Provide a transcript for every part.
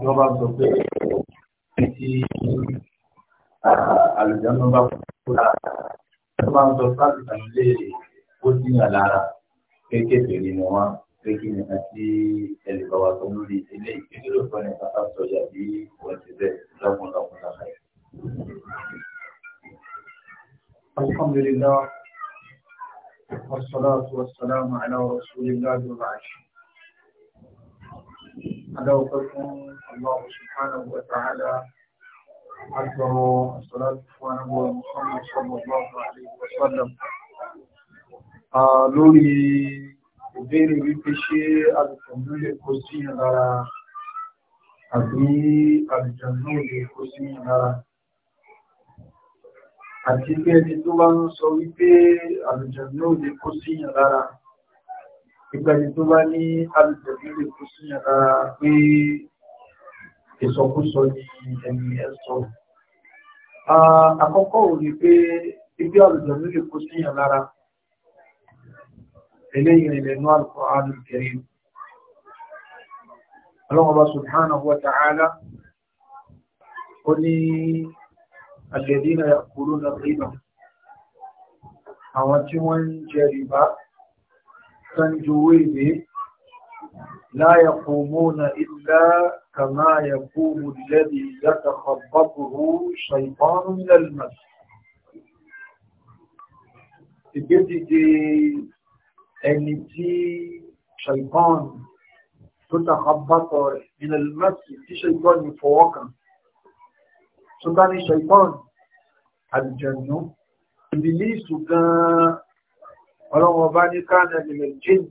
tí wọ́n bá sọ pé ẹni tí àlùjáná bá kú lára wọ́n máa ń sọ fáàkìtàn lé ó dínà lára kéékèèké nínú wọn pé kí ni àti ẹlẹ́gbẹ́ wa tó lórí ilé ìpínlẹ̀ lọ́sọ̀ ní pátá sọ̀yà bí wọ́n ti bẹ̀ lọ́kùnlọ́kùn lára ẹ̀. Alhamdulillah, wassalatu wassalamu ala rasulillah wa ba'd adáwọ̀pẹ́ fún Allah subhanahu wa ta'ala àtọ̀rọ̀ salatu fún anábọ̀ Muhammad sallallahu alaihi wa sallam lórí ìbéèrè wípé ṣé alùpùpù lè kó sí lára àbí àlùjànnú lè kó sí lára àti pé ẹni tó bá ń sọ wípé àlùjànnú lè kó sí lára ìgbẹ̀ni tó bá ní alùpùpù lè sí ara pé ìsọkúsọ ní ẹni ẹ̀sọ́. Àkọ́kọ́ ò pé ibi alùpùpù lè kú sí ara eléyìn ìrìnlẹ̀nú Al-Qur'an Al-Karim. Allah subhanahu wa ta'ala ó ní alladhina ya'kuluna riba àwọn tí wọ́n ń jẹ rìbá سنجويه لا يقومون إلا كما يقوم الذي يتخبطه شيطان من المس تجدد أنتي شيطان تتخبط من المس في شيطان فوقا سلطان شيطان الجنة إبليس كان ọlọ́wọ́ bá ní káàdà ilẹ̀ jìn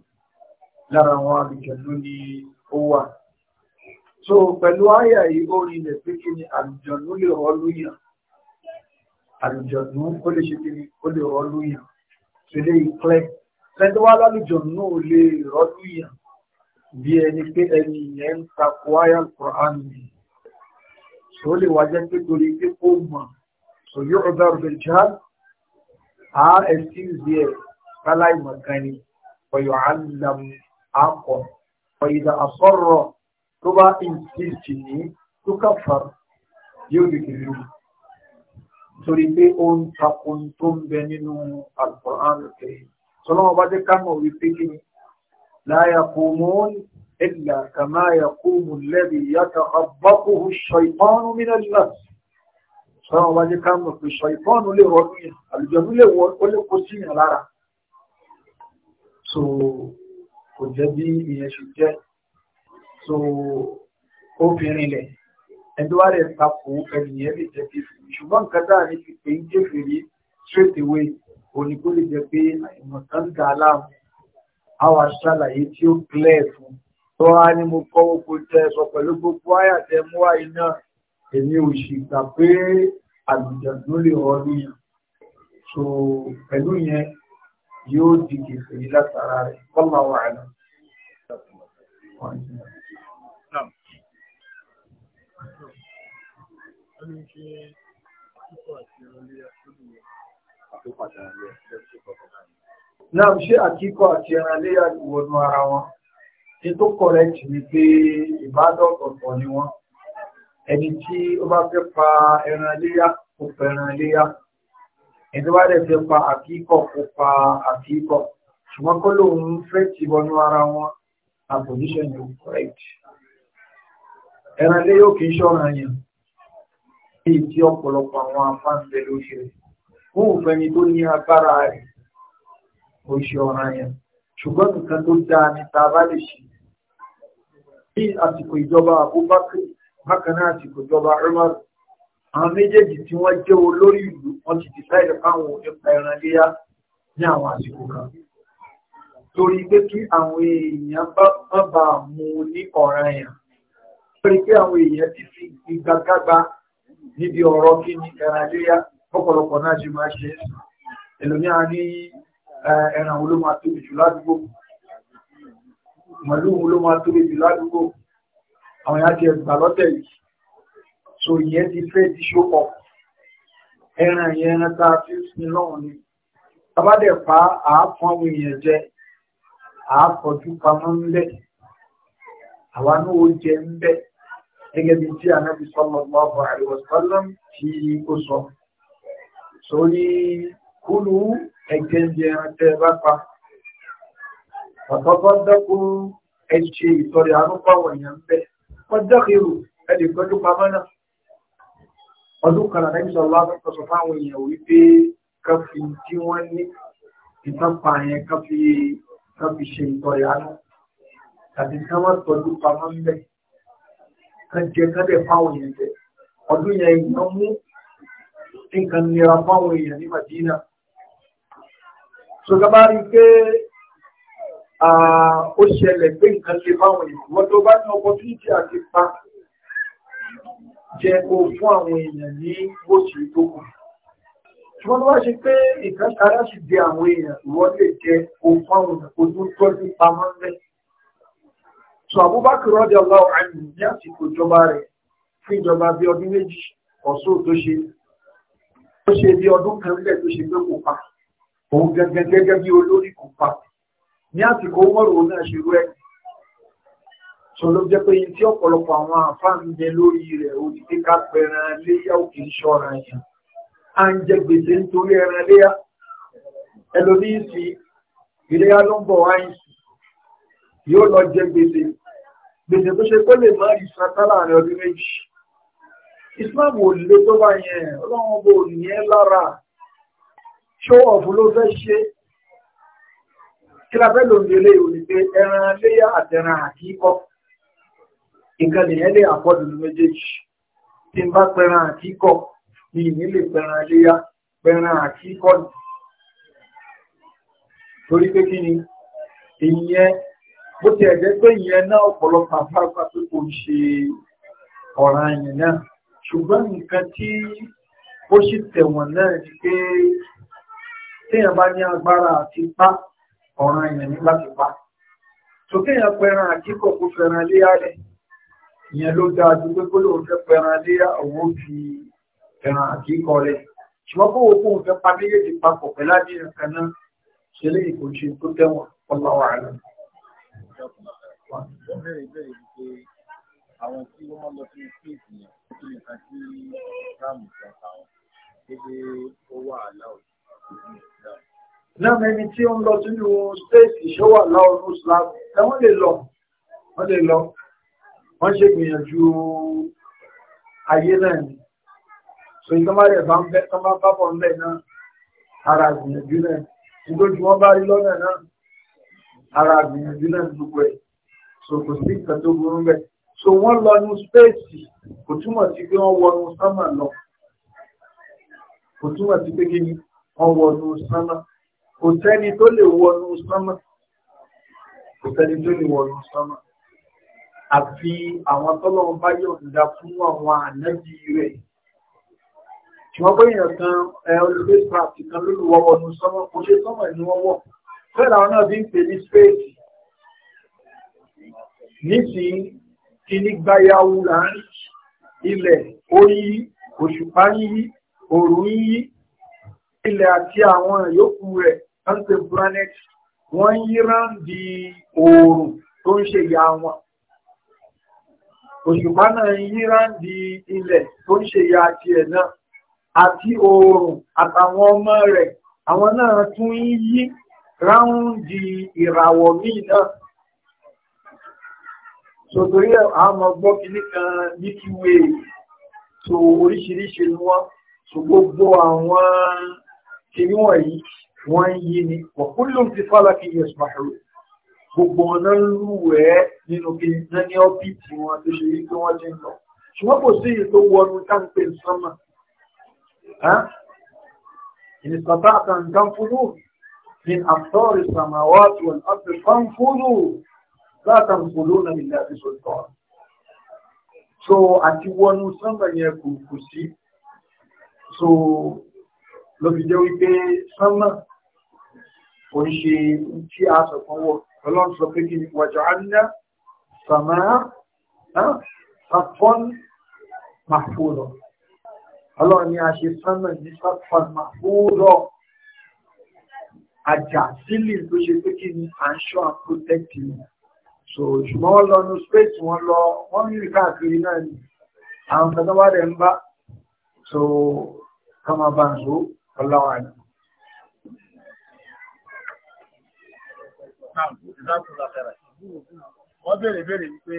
lára wọn àlùjẹ̀nú ni ó wà so pẹ̀lú àyà yìí ó rí ilẹ̀ pé kí ni àlùjẹ̀nú lè rọ́ lóyàn àlùjọ̀nù ó lè ṣe kiri ó lè rọ́lú yàn tó lè pẹ́ lẹ́nu wá lálùjọ̀nù ó lè rọ́lú yàn bí ẹni pé ẹni yẹn ń takò àyà Qur'an ni tó lè wá jẹ́ pé torí pé ó mọ̀ tó yóò ọ̀dà rẹ̀ já á ẹ̀sìn díẹ̀ káláì mọ̀kan ni ọ̀yọ̀ àlàm àkọ́ ọ̀yìdà àsọ̀rọ̀ tó bá insist ní tó kàfàr yóò lè kiri mu torí pé ó ń takun tó ń bẹ nínú Al-Qur'an Al-Karim sọlọ́wọ́ bá dé ká mọ̀ wípé kí ni la yaqumun illa kama yaqumu alladhi yatakhabbathu ash-shaytanu min al-mas sọlọ́wọ́ bá dé ká mọ̀ pé ṣàìpọ́nù lè rọ́ọ̀dún yẹn àlùjọ́nù lè wọ́n ó lè kó sí yàn lára so kò jẹ́ bí ìyẹn ṣe jẹ́ so obìnrin lẹ̀ ẹni wá rẹ̀ takò ẹnìyẹn lè jẹ́ kéfìrí ṣùgbọ́n nǹkan dáa ní pípé ń kéfìrí straight away òní kó lè jẹ́ pé àìmọ̀tá ń dà á láàmú àwọn aṣàlàyé tí ó clear fún tó wá ní mo kọ́wọ́ kó jẹ́ sọ pẹ̀lú gbogbo àyà tẹ mú àyè náà èmi ò sì gbà pé àlùjàdún lè rọ́ lóyún so pẹ̀lú yẹn yóò di kèfèrí látara rẹ̀ kọ́lá wà ní. Náà ṣé àkíkọ̀ àti ẹran léyà ìwọ̀nù ara wọn, ní tó kọ̀rẹ́tì ni pé ìbádọ́ ọ̀tọ̀ ni wọ́n. Ẹni tí ó bá fẹ́ pa ẹran léyà, ó fẹ́ràn léyà ìdíwádẹ̀ fẹ́ pa àkíkọ̀ kó pa àkíkọ̀ ṣùgbọ́n kó lóun fẹ́ ti wọnú ara wọn na position yóò correct ẹran ilé yóò kì í ṣọ́ra yẹn bíi tí ọ̀pọ̀lọpọ̀ àwọn afáǹfẹ́ ló ṣe fún òfẹ́ni tó ní agbára rẹ̀ kò ṣe ọ̀ràn yẹn ṣùgbọ́n nǹkan tó dáa ni tá a bá lè ṣe bí àsìkò ìjọba Abubakar bákan náà àsìkò ìjọba Umar àwọn méjèèjì tí wọ́n jẹ́ olórí ìlú wọ́n ti dìsáìdì fáwọn nípa ẹran léyà ní àwọn àsìkò kan torí pé kí àwọn èèyàn bá bá mú ní ọ̀ràn èèyàn torí pé àwọn èèyàn ti fi ìgbàgbàgbà níbi ọ̀rọ̀ kí ni ẹran léyà ọ̀pọ̀lọpọ̀ náà ṣe máa ṣe ẹlòmíà ní ẹran wo ló máa tóbi jù ládùúgbò màlúù wo ló máa tóbi jù ládùúgbò àwọn yàtí ẹgbà lọ́tẹ̀ yìí so ìyẹn ti fẹ́ ti ṣó pọ̀ ẹran ìyẹn ẹran tá a fi sin lọ́hùn ni tabadẹ̀ pa àápọn àwọn èèyàn jẹ àápọ̀jú pamọ́ ń bẹ̀ àwa náà ó jẹ ń bẹ̀ gẹ́gẹ́ bí tí anábì sallallahu alaihi wasallam tí ó sọ sórí kúlù ẹgbẹ́ ẹran tẹ bá pa ọ̀tọ́tọ́ dẹ́kun ẹ ṣe ìtọ́rẹ àánú pàwọ̀ èèyàn ń bẹ̀ wọ́n dẹ́kun ẹ̀dẹ̀kọ́jú pamọ́ náà ọdún kan àdájú sọ lọ́wọ́ tó sọ fáwọn èèyàn wípé ká fi tí wọ́n ní ìtọ́pa yẹn ká fi ká fi ṣe ìtọ̀yánú tàbí ká má tọ́jú pamọ́ ń bẹ̀ ká jẹ ká dẹ̀ fáwọn èèyàn jẹ ọdún yẹn ìyàn mú nǹkan nira fáwọn èèyàn ní Madina ṣùgbọ́n bá rí i pé ó ṣẹlẹ̀ pé nǹkan lè fáwọn èèyàn wọ́n tó bá ní ọpọ́túnìtì àti pa jẹ kó fún àwọn èèyàn ní bó ṣe tó kù ṣùgbọ́n tó bá ṣe pé ìkan ara sì jẹ àwọn èèyàn ìwọ́n lè jẹ kó fún àwọn èèyàn kó tún tọ́jú pamọ́ ń bẹ́ so Abubakar rọ́jà láwọn àmì ní àsìkò ìjọba rẹ̀ fún ìjọba bíi ọdún méjì ọ̀sọ́ tó ṣe tó ṣe bí ọdún kan lẹ̀ tó ṣe pé kò pa òun gẹ́gẹ́ gẹ́gẹ́ bí olórí kò pa ní àsìkò wọ́rọ̀ náà ṣe rú ẹ̀kọ́ sọ ló jẹ́ pé tí ọ̀pọ̀lọpọ̀ àwọn àfáà ń bẹ lórí rẹ̀ ó ti pé ká pẹran léyà òkè ṣọ́ra yẹn à ń jẹ gbèsè nítorí ẹran léyà ẹlòmíì sí ìléyà ló ń bọ̀ wáyé yóò lọ jẹ gbèsè gbèsè tó ṣe pé lè má rí sátálà rẹ ọdún méjì Islam ò lè tó bá yẹn ọlọ́run bò ní lára ṣó ọ̀fù ló fẹ́ ṣe kí la fẹ́ lòun délé òní pé ẹran léyà àtẹran àkíkọ́ ìkan lèyẹn lè àpọ̀dù ní méjèèjì tí n bá pẹran àkíkọ̀ ní ìní lè pẹran léyà pẹran àkíkọ̀ ni torí pé kí ni ìyẹn bó ti ẹ̀jẹ̀ pé ìyẹn náà ọ̀pọ̀lọpọ̀ àfáàfà pé kò ṣe ọ̀ràn yẹn náà ṣùgbọ́n nǹkan tí ó sì tẹ̀wọ̀n náà ni pé téèyàn bá ní agbára àti pa ọ̀ràn yẹn nígbà tí pa tòkéèyàn pẹran àkíkọ̀ kó fẹ́ràn léyà rẹ̀ ìyẹn ló dáa ju pé kólóhùn fẹ́ pẹran léyà òun ó fi ẹran àkíkọ rẹ̀ ṣùgbọ́n kó o kóhùn fẹ́ pa méjèèjì papọ̀ pẹ̀lú àdéhùn kan náà ṣe lè kò ṣe tó tẹ̀wọ̀n ọlọ́wọ́ àlọ́ àwọn tí wọ́n lọ sí space yẹn kí ni nǹkan tí ráàmù sọ àwọn gbogbo owó àláwọ̀ náà ẹni tí ó ń lọ sínú space ìṣòwò àláwọ̀ ní islam ẹ wọ́n lè lọ wọ́n lè lọ wọ́n ṣe gbìyànjú ayé náà ni so ìtọ́mọ́rẹ̀ bá ń bẹ́ tọ́mọ́ pápọ̀ ń bẹ̀ náà ara gbìyànjú náà nítorí wọ́n bá rí lọ́nà náà ara gbìyànjú náà gbogbo ẹ̀ so kò sí ìkan tó burú bẹ́ẹ̀ so wọ́n lọ nu spéèsì kò túmọ̀ sí pé wọ́n wọnú sánmà lọ kò túmọ̀ sí pé kí wọ́n wọnú sánmà kò sẹ́ni tó lè wọnú sánmà kò sẹ́ni tó lè wọnú sánmà àfi àwọn tọ́lọ́run bá yọ̀ǹda fún àwọn ànábì rẹ̀ ṣùgbọ́n pé èèyàn kan olùgbé craft kan lólùwọ́wọ́ ní sọ́mọ́ kò ṣe sọ́mọ́ ní wọ́wọ́ fẹ́ẹ̀ làwọn náà bí ń pè ní spéèdì nísìnyí kíní gbáyàwó láàrin ilẹ̀ orí òṣùpá yíyí òòrùn yíyí ilẹ̀ àti àwọn yòókù rẹ̀ ń pè planet wọ́n yí ráǹdì òòrùn tó ń ṣe ìyá wọn òṣùpá náà ń yíra ń di ilẹ̀ tó ń ṣe ya àti ẹ̀ náà àti oòrùn àtàwọn ọmọ rẹ̀ àwọn náà tún ń yí ráúndì ìràwọ̀ míì náà sòtòrí àmọ́ gbọ́ kìíní kan ní kí so oríṣiríṣi ni wọ́n so gbogbo àwọn kìíní wọ̀nyí wọ́n ń yí ni wọ̀kúlùm ti fálàkì yẹ̀sùn àhẹ́rù gbogbo ọ̀nà lúwẹ̀ẹ́ nínú kí iná ní ọ́bìtì wọn tó ṣe wípé wọ́n ti ń lọ ṣùgbọ́n kò sí èyí tó wọnú táǹpé sánmà ìnìsàtà àtàǹkan fúlù ní àtọ́rì sàmàwàtì wọn àti kan fúlù látàn fúlù náà ilẹ̀ àti sọ̀tọ̀ so àti wọnú sánmà yẹn kò kò sí so lọ́fi wípé sánmà kò ń ṣe tí a sọ̀kan wọ̀ ọlọ́run sọ pé kí waj'alna samaa saqfan mahfura ọlọ́run ni a ṣe sánmà ní saqfan mahfura àjà sílì tó ṣe pé kí ni à ń ṣọ́ à protect you so ṣùgbọ́n wọ́n lọ nu space wọn lọ wọ́n rí káàkiri náà ni àwọn kan tó rẹ̀ ń bá so kọ́mọ bá ń so ọlọ́run àná. náà ìzákùnlá fẹ́rẹ̀. wọ́n béèrè béèrè wípé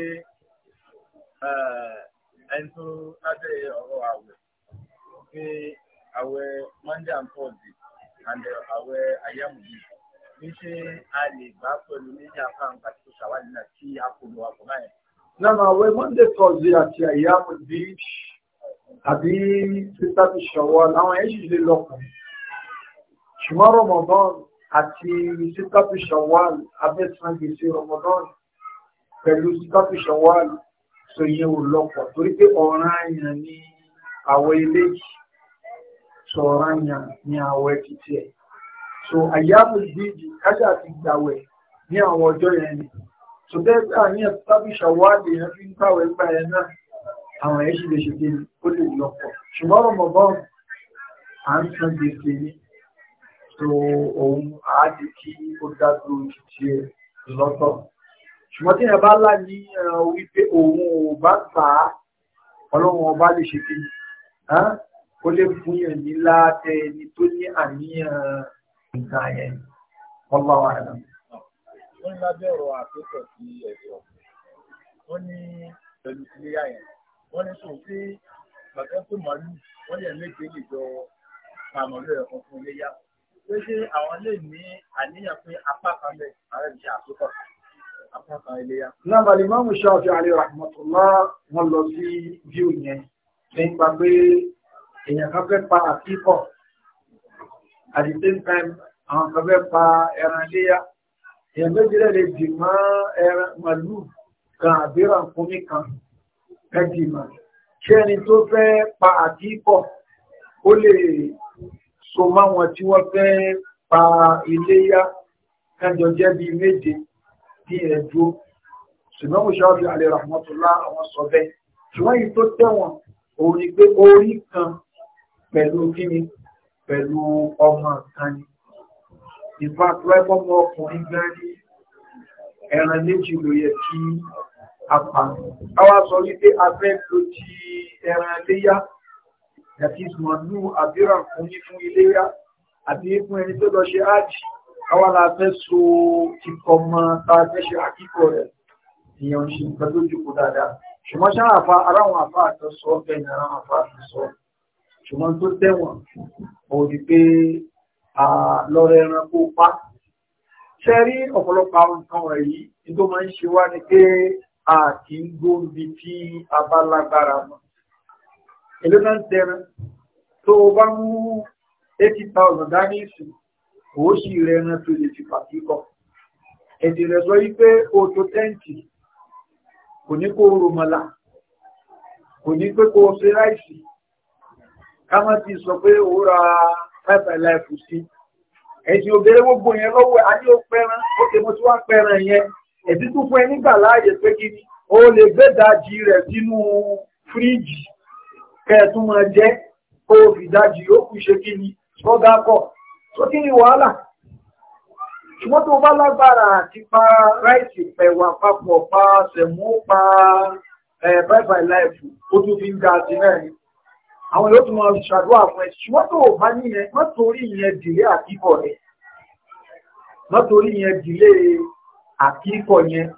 eh, ẹni tó lábẹ́ ọ̀rọ̀ àwẹ̀ pé àwẹ̀ monday and thursday and eh, àwẹ̀ ayamuyi ní ṣé a lè gbà pẹ̀lú méjì àfáàǹkà tó ṣàwádìí náà kí a kò lọ àpò náà yẹn. nínú àwẹ̀ monday thursday àti ayamuyi àbí títàbí ṣọwọ́ làwọn yẹn ṣì lè lọ́kàn ṣùgbọ́n rọmọdán àti sítọ́pù ṣọ̀wọ́ọ̀lù abẹ́sàn gbèsè rọmọdọ́ọ̀nù pẹ̀lú sítọ́pù ṣọ̀wọ́ọ̀lù sọ yẹn ò lọ́pọ̀ torí pé ọ̀ràn àyàn ni àwọ̀ eléyìí sọ ọ̀ràn àyàn ni àwọ̀ ẹ̀tìtì ẹ̀ so àyàbò ìdíjì kájà ti gbàwẹ̀ ní àwọn ọjọ́ yẹn ni so bẹ́ẹ̀ bí àyàn sítọ́pù ṣọ̀wọ́ọ̀lù yẹn fi ń gbàwẹ̀ gbà yẹn náà àwọn ẹ̀ sì lè ṣe kí ó lè lọ́pọ̀ ṣùgbọ́n rọmọdọ́ọ̀nù à ń san gbèsè yìí so òun á jẹ́ kí ó dádúró títí ẹ̀ lọ́tọ̀ ṣùgbọ́n tí ẹ bá lá ní wípé òun ò bá gbà á ọlọ́run ọba lè ṣe kí ó lè fún yẹn ní láàtẹ ẹni tó ní àníyàn ìgbà yẹn ọlọ́run wa rẹ̀. wọ́n ní lábẹ́ ọ̀rọ̀ àtúntò sí ẹ̀sọ́ wọ́n ní pẹ̀lú ìléyà yẹn wọ́n ní sùn sí bàtẹ́ fún màálù wọ́n yẹn méje lè jọ pàmòlú ẹ̀kọ́ fún iléyà pé ṣé àwọn lè ní àníyàn pé apá kan bẹ̀ ààrẹ ìṣe àtúkọ̀ apá kan iléyà. náà bàlí mọ́mú ṣáàfì àlẹ́ rahmatullah wọn lọ sí bíò yẹn nípa pé èèyàn kan fẹ́ pa àtúkọ̀ at the same time àwọn kan fẹ́ pa ẹran iléyà èèyàn méjì lè dì mọ́ ẹran màlúù kan àbíràn fúnmi kan ẹ dì mọ́ ṣé ẹni tó fẹ́ pa àtúkọ̀ ó lè so máwọn tí wọ́n fẹ́ pa iléyá kájọ jẹ́ bíi méje bí ẹ̀dúró ṣùgbọ́n mo ṣáájú alẹ́ rahmatulá àwọn sọ bẹ́ẹ̀ ṣùgbọ́n yìí tó tẹ̀wọ̀n òun ni pé orí kan pẹ̀lú kíni pẹ̀lú ọmọ kan ni ìfà pẹ́pọ́ mọ ọkùnrin gan ni ẹran méjì ló yẹ kí a pa. àwa sọ wípé a fẹ́ lo ti ẹran léyá àti ìsìnmọ̀nú àbíràn fún yí fún iléyá àti fún ẹni tó lọ ṣe ájì àwọn aláfẹ́ so kíkọ mọ́ ta fẹ́ ṣe àkíkọ̀ rẹ̀ ìyẹn ń ṣe nǹkan tó jùkú dáadáa ṣùgbọ́n ṣáà àfa aráwọn àfa àtọ sọ bẹ́ẹ̀ ni aráwọn àfa àtọ sọ ṣùgbọ́n tó tẹ̀wọ̀n ò ní pé lọ́rọ̀ ẹran kó pa ṣe rí ọ̀pọ̀lọpọ̀ àwọn nǹkan wọ̀nyí tó máa ń ṣe wá ni pé a kì í gbóǹbi tí a bá lágbára mọ́ ele náà ń tẹran tó esse bá mú eighty thousand dání ìsìn òó sì rẹ ẹran tó lè fi pàtí kọ ẹ̀dì rẹ̀ sọ wípé o tó tẹ́ǹtì kò ní kó o rọmọlá kò ní pé kó o ṣe ráìsì ká má ti sọ pé o ra five alive sí ẹ̀sìn obìnrin gbogbo yẹn lọ́wọ́ adé ó pẹ́ran ó ti mọ tí wọ́n pẹ́ran yẹn ẹ̀sìn tún fún ẹ nígbà láàyè pé kí o lè gbé dajì rẹ̀ sínú fíríjì kẹ́ẹ̀tún máa jẹ́ kó o fi dájì ó kù ṣe kí ni sọ́dá kọ̀ tó kí ni wàhálà ṣùgbọ́n tó bá lágbára àti pa ráìsì pẹ̀wà papọ̀ pa sẹ̀mú pa bẹ́ẹ̀bẹ̀ láìfù ó tún fi ń ga àti náà ni àwọn yóò tún máa ṣàdúrà fún ẹ ṣùgbọ́n tó bá níyẹn má torí ìyẹn dìlé àkíkọ̀ rẹ̀ má torí ìyẹn dìlé àkíkọ̀ yẹn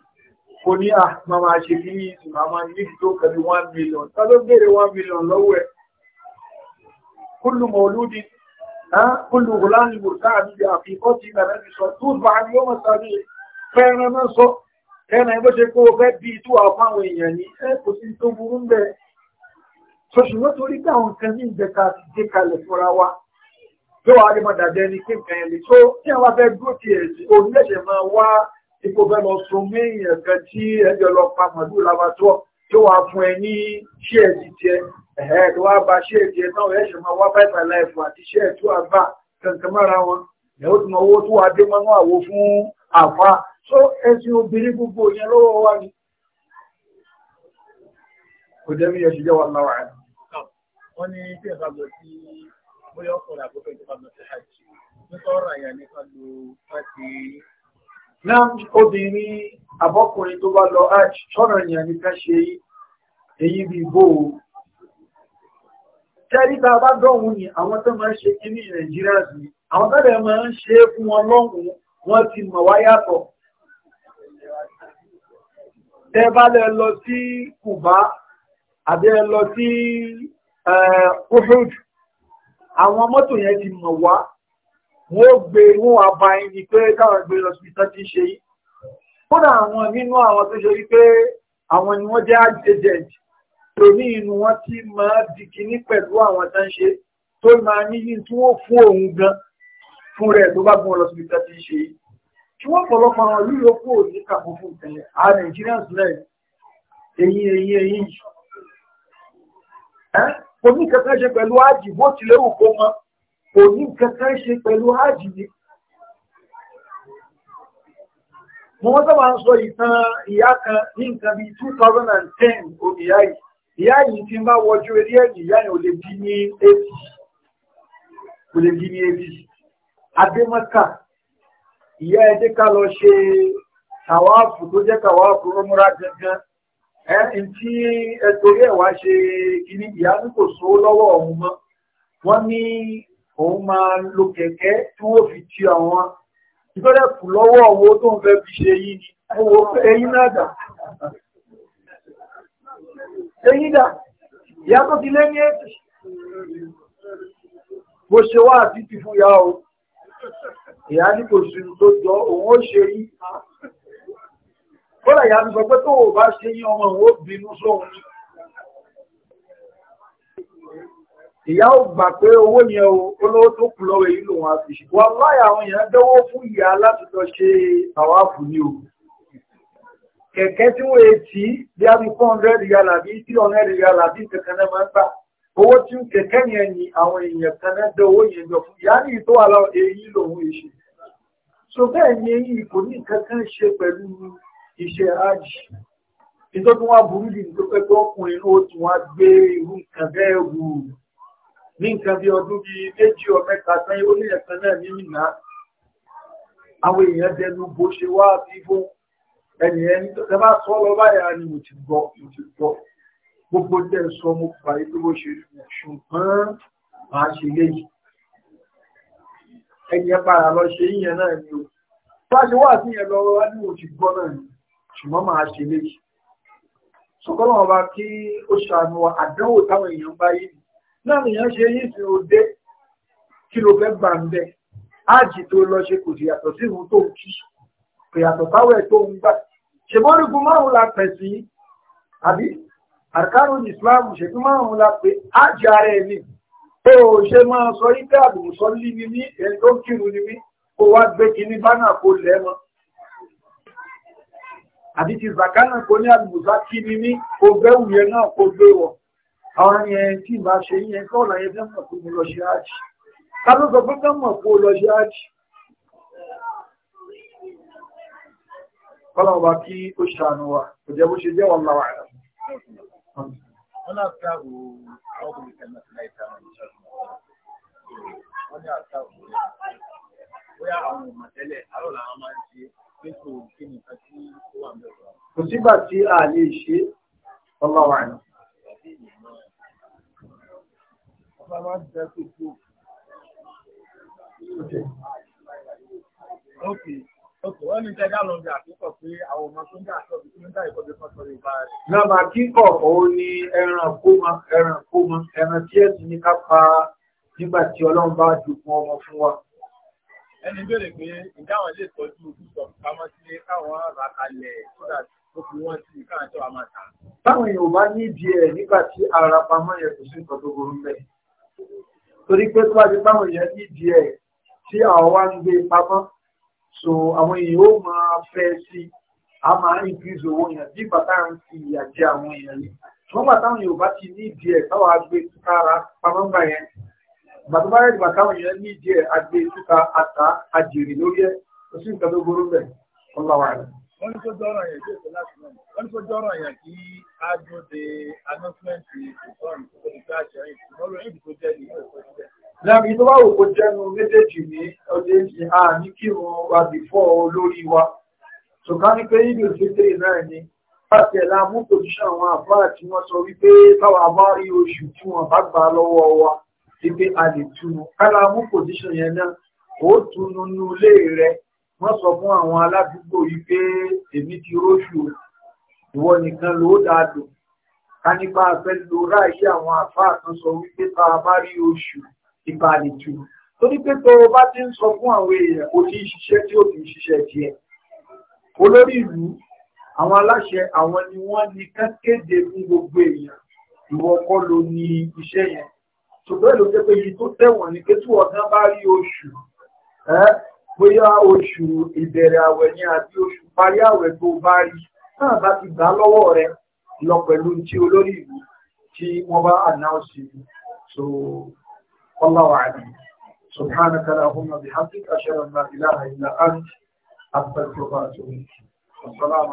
kò ní àmà ah, máa ṣe bí ìsìnkà máa ní tó kẹ̀lú 1 million tá ló bèèrè 1 million lọ́wọ́ ẹ̀ kúlù mọ̀lúdí ah, kúlù gùlánì mùsá àbíbi àfikọ́ ti ìlànà ti sọ tó bá ní ó mọ̀ sáré fẹ́ẹ̀rẹ̀ náà sọ ẹ̀nà ẹgbẹ́ ṣe kó fẹ́ bí tó àfáwọn èèyàn ní ẹ kò sí tó burú bẹ́ ṣoṣùgbọ́n torí pé àwọn nǹkan ní ìjẹta ti dé kalẹ̀ fúnra wa tó wàá rí mọ̀ dàbẹ́ ní kí nǹkan ẹ̀ lè tó tí àwọn afẹ́ dúró ẹ̀ sí òun lẹ́sẹ̀ máa wá ipò bẹ́ẹ̀ lọ sun mí ẹ̀kan tí ẹjọ́ lọ pa màlúù labatọ́ tó wàá fún ẹ ní ṣíẹ̀ ti tiẹ̀ ẹ̀hẹ́ tó wàá ba ṣíẹ̀ tiẹ̀ náà ẹ̀ ṣe máa wá five alive àti ṣíẹ̀ tó wàá bá kankan mára wọn ẹ̀hó tó máa owó tó wàá dé mọ́nú àwo fún àfa so ẹ̀sìn obìnrin gbogbo yẹn lọ́wọ́ wa ni. kò dẹ́mi yẹn ti jẹ́ wọn lára ẹ̀. wọ́n ní tí ẹ̀ka lọ sí bóyá ọkùnrin àbúkẹ́ ìjọba lọ náà obìnrin abọ́kùnrin tó bá lọ arch ṣọ́nà ìyàn ní ká ṣe èyí bí bó o tẹ́ríta bá dọ̀hún ni àwọn tó máa ń ṣe kí ní nàìjíríà sí àwọn tó dẹ̀ máa ń ṣe fún wọn lọ́hùn wọn ti mọ̀ wá tẹ́ bá lẹ lọ sí Kùbá àbí lọ sí Uhud àwọn mọ́tò yẹn ti mọ̀ wá wọ́n gbé wọ́n àbá ẹni pé káwọn gbé lọ sí tán ti ṣe yìí kódà àwọn nínú àwọn tó ṣe wípé àwọn ni wọ́n jẹ́ agent tó ní inú wọn ti máa di kíní pẹ̀lú àwọn tán ṣe tó máa níyí tí wọ́n fún òun gan fún rẹ̀ tó bá gbọ́n lọ sí tán ti ṣe yìí tí wọ́n pọ̀lọpọ̀ àwọn ìlú yòókù ò ní kàkó fún ìtẹ̀lẹ̀ àwọn Nigerians lẹ̀ ẹ̀yìn ẹ̀yìn ẹ̀yìn kò ní kankan ṣe pẹ̀lú àjì bó tilẹ̀ wù kó mọ́ kò ní nǹkan kan ṣe pẹ̀lú ájì ni mo wọ́n sábà ń sọ ìtàn ìyá kan ní nǹkan bíi 2010 omi ìyá yìí ìyá yìí ti máa wọjú eré ẹ̀yìn ìyá yìí ò lè bí ní 80 kò lè bí ní 80 adémọ́kà ìyá ẹjẹ́ ká lọ ṣe tàwáàfù tó jẹ́ tàwáàfù rọ́múra gangan ẹ̀ ń tí ẹtorí ẹ̀ wá ṣe kíní ìyá ní kò sówó lọ́wọ́ ọ̀hún mọ́ wọ́n ní òun máa lo kẹ̀kẹ́ tí wọ́n fi ti àwọn ìgbẹ́rẹ̀ kù lọ́wọ́ owó tó ń fẹ́ fi ṣe yí ni owó eyín náà dà eyín dà ìyá tó ti lé ní ètì bó ṣe wá àti ti fún ya o ìyá ní kò sí tó jọ òun ó ṣe yí kọ́lá ìyá mi sọ pé tó o bá ṣe yí ọmọ òun ó bínú sóhun ni ìyá ò gbà pé owó yẹn o olówó tó kù lọ́wọ́ èyí lòun àfi wọ́n láyà àwọn èèyàn dẹ́wọ́ fún ìyá láti lọ ṣe tàwáàfù ni o kẹ̀kẹ́ tí wọ́n ti bí a bí four hundred yàrá bí three hundred yàrá bí kẹ̀kẹ́ náà máa ń gbà owó tí kẹ̀kẹ́ yẹn ni àwọn èèyàn kan náà dẹ́wọ́ yẹn jọ fún ìyá ní ìtọ́ àlọ́ èyí lòun èṣe so bẹ́ẹ̀ ni èyí kò ní kankan ṣe pẹ̀lú iṣẹ́ hajj nítorí wọn burú yìí nítorí pé ọkùnrin ó tún wá gbé irú nǹkan bẹ́ẹ̀ wù ú ní nǹkan bí ọdún bíi méjì ọmọ ẹ̀ka sẹ́yìn ó ní ẹ̀sán náà ní ìná àwọn èèyàn dẹnu bó ṣe wá sí fún ẹnì ẹni tó bá sọ lọ báyà ni mo ti gbọ́ mo ti gbọ́ gbogbo dẹ̀ sọ mo fà yí pé bó ṣe ṣùgbọ́n màá ṣe léyìí ẹni ẹ para lọ ṣe yíyan náà ni o bá ṣe wá sí yẹn lọ wá ní mo ti gbọ́ náà ni ṣùgbọ́n màá ṣe léyìí sọkọ́ náà wá kí ó ṣàánú àdánwò táwọn èèyàn bá yìí náà nìyẹn ṣe yí sí òde kí ló fẹ́ gbà ń bẹ áàjì tó lọ ṣe kò sì yàtọ̀ sí ìrun tó ń kí kò yàtọ̀ táwẹ̀ tó ń gbà ṣèmọ́rígun márùn la pẹ̀ sí àbí àrkánù islam ṣètò márùn la pé áàjì ara ẹ̀ ni pé o ṣe máa sọ ipe àbùkù sọ lí ni mí ẹni tó ń kírun ni mí kó wá gbé kinní bánà kó lẹ́ mọ́ àbí ti zakana kó ní àbùkù sá kí ni mí kó bẹ́wù yẹn náà kó gbé wọ̀ àwọn yẹn tí ìbá ṣe yẹn kọ́ ọ̀nà yẹn fẹ́ mọ̀ kó mo lọ ṣe ájì ká ló sọ pé ká mọ̀ kó lọ ṣe ájì. kọ́lá ọba kí ó ṣàánú wa kò jẹ́ bó ṣe jẹ́ wọn láwàá rẹ̀. wọ́n náà ta ò ọ̀gbìn ìtẹ̀lẹ̀ láì ta àwọn ìṣẹ́gun wọ́n ní àtà ò bóyá àwọn ìmọ̀tẹ́lẹ̀ àrò làwọn máa ń ṣe pé kò kí nìkan tí ó wà ń kò sígbà tí a lè ṣe ọlọ́wàá náà. Okay. Okay. Wọ́n ní tẹ́gá lọ bí àkíkọ̀ pé àwọn ọmọ tó ń dà sọ bí ń dà ìkọ́jú kan sọ Yorùbá rẹ̀. Lábà kíkọ̀ òun ni ẹran kóma, ẹran kóma, ẹran tí ẹ̀sìn ní ká pa nígbà tí Ọlọ́run bá jogún ọmọ fún wa. Ẹni béèrè pé ìdáwọn lè tọ́jú ojúṣọ pamọ́ sí káwọn rà kalẹ̀ sódà tó fi wọ́n sí káàjọ àmàta. Táwọn Yorùbá nídìí ẹ̀ nígbà tí ara pamọ́ yẹn kò sí nǹkan tó burú bẹ́ẹ̀ torí pé tó bá ti báwọn èèyàn nídìí ẹ̀ tí àwọn wá ń gbé pamọ́ so àwọn èèyàn ó máa fẹ́ sí a máa ń increase owó yẹn bí bàtà ń fi ìyà jẹ àwọn èèyàn yìí wọ́n bàtà àwọn Yorùbá ti nídìí ẹ̀ táwọn agbé kára pamọ́ ń bà yẹn bàtà bá yẹn bàtà àwọn èèyàn nídìí ẹ̀ agbé túká àtà àjèrè lórí ẹ̀ kò sí nǹkan tó burú bẹ́ẹ̀ ọlọ́wàá rẹ̀ wọ́n ní kó jọ́rọ̀ yẹn kí èso láti náà wọ́n ní kó jọ́rọ̀ yẹn kí á dún de anọ́tímẹ́ǹtì ìtọ́n tó ti gbá àṣẹ yìí wọ́n lóyún ìdìbò jẹ́ ní ìwé ìfẹ́ sílẹ̀. lẹ́mi tó bá wò kó jẹ́nu méjèèjì ní ọjọ́ èjì a ní kí wọn wá bí fọ́ olórí wa ṣùgbọ́n ní pé ìlú fitiri náà ni láti ẹ̀la mú pòsíṣàn àwọn àfáà tí wọ́n sọ wípé káwa bá rí oṣù tí wọ́n bá gbà lọ́wọ́ wa wípé a lè tunu káwa mú pòsíṣàn yẹn náà ó tunu nú ilé rẹ̀ wọ́n sọ fún àwọn aládùúgbò yìí pé èmi ti róṣù ìwọ nìkan ló dáa lò ká nípa afẹ́ lo ráàyè àwọn àfáà kan sọ wípé tá a bá rí oṣù ìbànìtù torí pé tó o bá ti ń sọ fún àwọn èèyàn kò ti ṣiṣẹ́ tí ó ti ṣiṣẹ́ tiẹ̀ olórí ìlú àwọn aláṣẹ àwọn ni wọ́n ní kán kéde fún gbogbo èèyàn ìwọ kọ́ ló ní iṣẹ́ yẹn ṣùgbọ́n èlò jẹ́ pé iye tó tẹ̀wọ̀n ni pé tí ọ̀gá bá rí oṣù bóyá oṣù ìbẹ̀rẹ̀ àwẹ̀ ni àti oṣù parí àwẹ̀ tó bá rí náà bá ti gbà lọ́wọ́ rẹ lọ pẹ̀lú tí olórí ìlú tí wọ́n bá ànáwọ̀sì so wallahu a'lam subhanaka allahumma bihamdika ashhadu an la ilaha illa anta astaghfiruka wa atubu ilayk